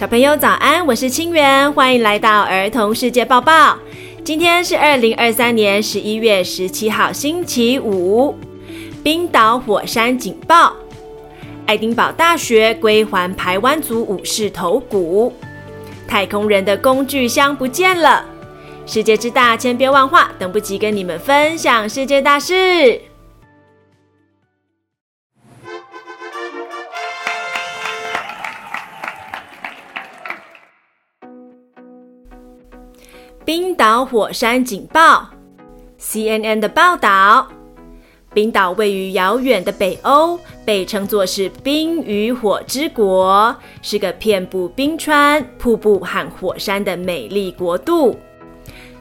小朋友早安，我是清源，歡迎來到兒童世界報報。今天是二零二三年十一月十七號，星期五。冰島火山警報，愛丁堡大學歸還排灣族武士頭骨，太空人的工具箱不見了。世界之大，千變萬化，等不及跟你們分享世界大事。島火山警報，CNN 的報道。冰島位於遙遠的北歐，被稱作是“冰與火之國”，是個遍佈冰川、瀑布和火山的美麗國度。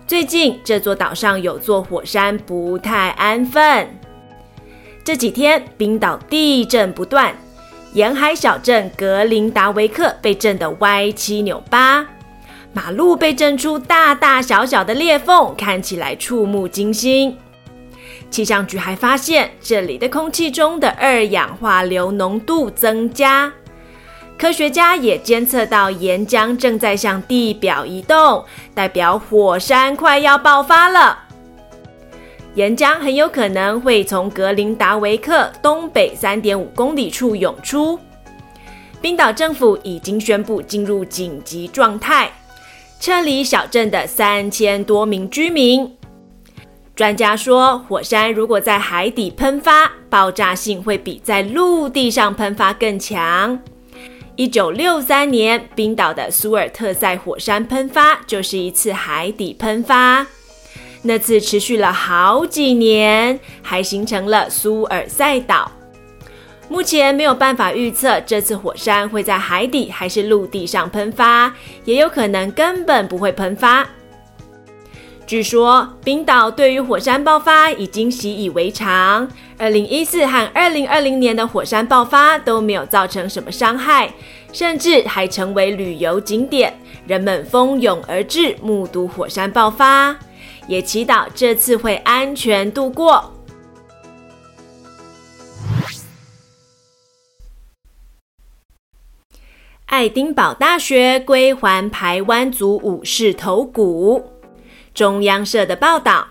最近，這座島上有座火山不太安分。這幾天，冰島地震不斷，沿海小鎮格林達維克被震得歪七扭八。馬路被震出大大小小的裂縫，看起來觸目驚心。氣象局還發現，這裡的空氣中的二氧化硫濃度增加。科學家也監測到岩漿正在向地表移動，代表火山快要爆發了。岩漿很有可能會從格林達維克東北3.5公里處湧出。冰島政府已經宣布進入緊急狀態。撤離小鎮的三千多名居民。專家說，火山如果在海底噴發，爆炸性會比在陸地上噴發更強。一九六三年，冰島的蘇爾特塞火山噴發就是一次海底噴發，那次持續了好幾年，還形成了蘇爾塞島。目前沒有辦法預測這次火山會在海底還是陸地上噴發，也有可能根本不會噴發。據說冰島對於火山爆發已經習以為常，二零一四和二零二零年的火山爆發都沒有造成什麼傷害，甚至還成為旅遊景點，人們蜂擁而至目睹火山爆發，也祈禱這次會安全度過。愛丁堡大學歸還排灣族武士頭骨。中央社的報道：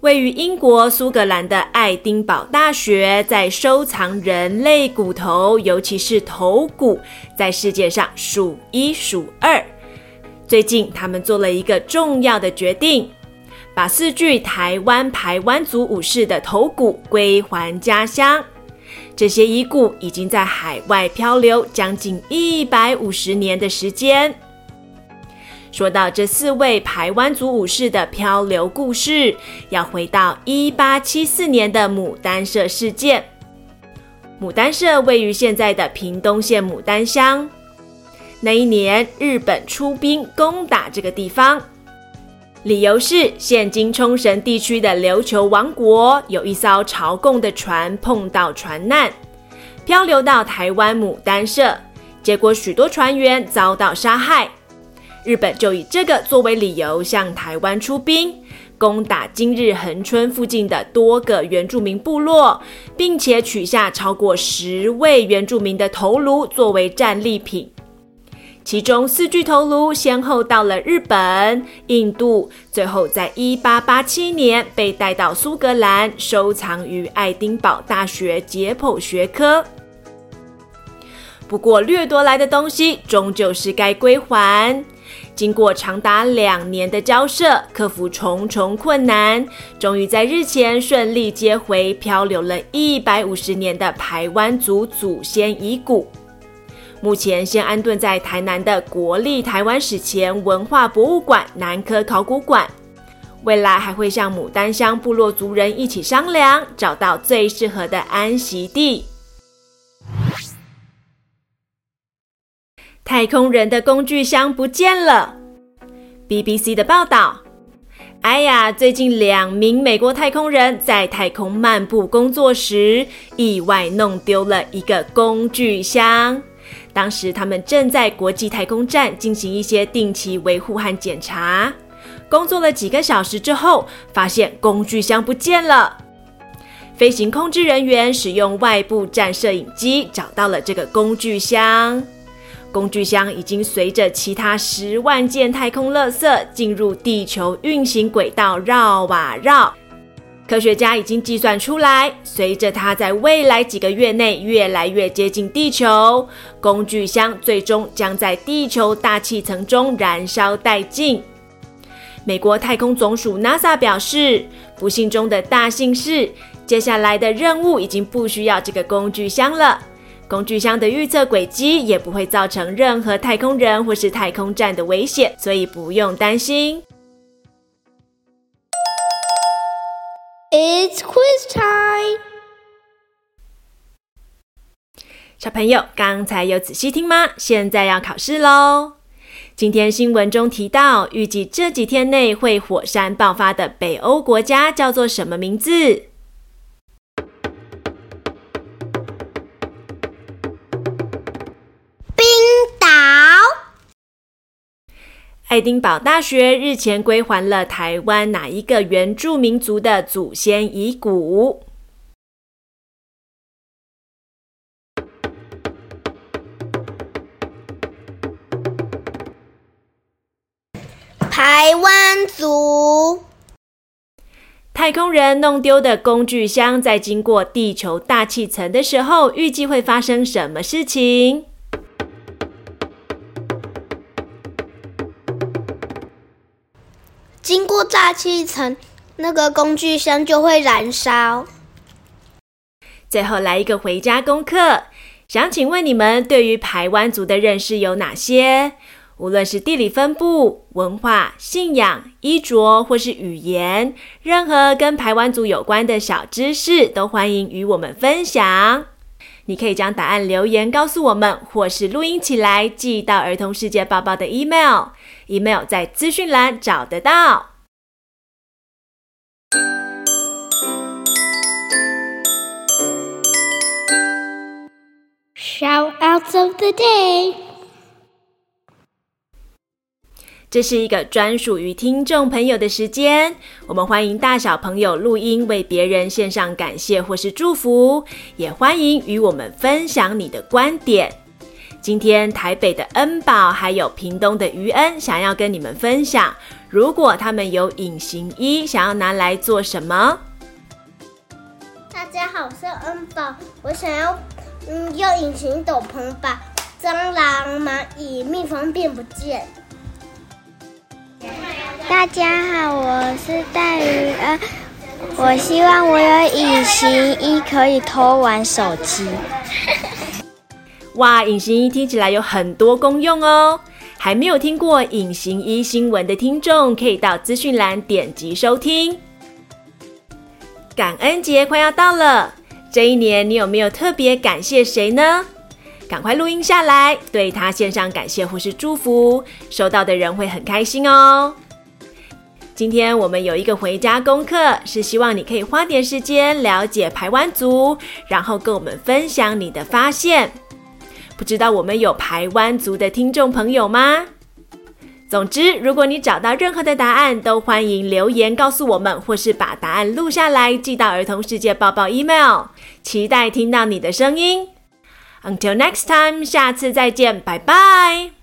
位於英國蘇格蘭的愛丁堡大學，在收藏人類骨頭，尤其是頭骨，在世界上數一數二。最近，他們做了一個重要的決定，把四具台灣排灣族武士的頭骨歸還家鄉。這些遺骨已經在海外漂流將近一百五十年的時間。說到這四位排灣族武士的漂流故事，要回到一八七四年的牡丹社事件。牡丹社位於現在的屏東縣牡丹鄉。那一年，日本出兵攻打這個地方。理由是，現今沖繩地區的琉球王國有一艘朝貢的船碰到船難，漂流到台灣牡丹社，結果許多船員遭到殺害。日本就以這個作為理由向台灣出兵，攻打今日恆春附近的多個原住民部落，並且取下超過十位原住民的頭顱作為戰利品。其中四具頭顱先後到了日本、印度，最後在一八八七年被帶到蘇格蘭，收藏於愛丁堡大學解剖學科。不過，掠奪來的東西終究是該歸還。經過長達兩年的交涉，克服重重困難，終於在日前順利接回漂流了一百五十年的排灣族祖先遺骨。目前先安頓在台南的國立臺灣史前文化博物館南科考古館，未來還會向牡丹鄉部落族人一起商量，找到最適合的安息地。太空人的工具箱不見了！BBC 的報道：哎呀，最近兩名美國太空人在太空漫步工作時，意外弄丟了一個工具箱。當時他們正在國際太空站進行一些定期維護和檢查，工作了幾個小時之後，發現工具箱不見了。飛行控制人員使用外部站攝影機找到了這個工具箱，工具箱已經隨着其他十萬件太空垃圾進入地球運行軌道，繞啊繞。科學家已經計算出來，隨着它在未來幾個月內越來越接近地球，工具箱最終將在地球大氣層中燃燒殆盡。美國太空總署 NASA 表示，不幸中的大幸是，接下來的任務已經不需要這個工具箱了。工具箱的預測軌跡也不會造成任何太空人或是太空站的危險，所以不用擔心。It's Quiz Time！小朋友，剛才有仔細聽嗎？現在要考試嘍！今天新聞中提到，預計這幾天內會火山爆發的北歐國家叫做什麼名字？愛丁堡大學日前歸還了台灣哪一個原住民族的祖先遺骨？排灣族。太空人弄丟的工具箱，在經過地球大氣層的時候，預計會發生什麼事情？大氣層那個工具箱就會燃燒。最後來一個回家功課，想請問你們對於排灣族的認識有哪些？無論是地理分布、文化、信仰、衣着或是語言，任何跟排灣族有關的小知識都歡迎與我們分享。你可以將答案留言告訴我們，或是錄音起來寄到兒童世界報報的 email，email 在資訊欄找得到。Shout outs of the day，這是一個專屬於聽眾朋友的時間。我們歡迎大小朋友錄音，為別人獻上感謝或是祝福，也歡迎與我們分享你的觀點。今天台北的恩寶還有屏東的余恩想要跟你們分享，如果他們有隱形衣，想要拿來做什麼？大家好，我是恩寶，我想要。嗯，用隱形斗篷把蟑螂、螞蟻、蜜蜂變不見。大家好，我是戴雨，呃，我希望我有隱形衣可以偷玩手機。哇，隱形衣聽起來有很多功用哦！還沒有聽過隱形衣新聞的聽眾，可以到資訊欄點擊收聽。感恩節快要到了。這一年，你有沒有特別感謝誰呢？趕快錄音下來，對他獻上感謝或是祝福，收到的人會很開心哦。今天我們有一個回家功課，是希望你可以花點時間了解排灣族，然後跟我們分享你的發現。不知道我們有排灣族的聽眾朋友嗎？總之，如果你找到任何的答案，都歡迎留言告訴我們，或是把答案錄下來寄到《兒童世界報報》email。期待聽到你的聲音。Until next time，下次再見，拜拜。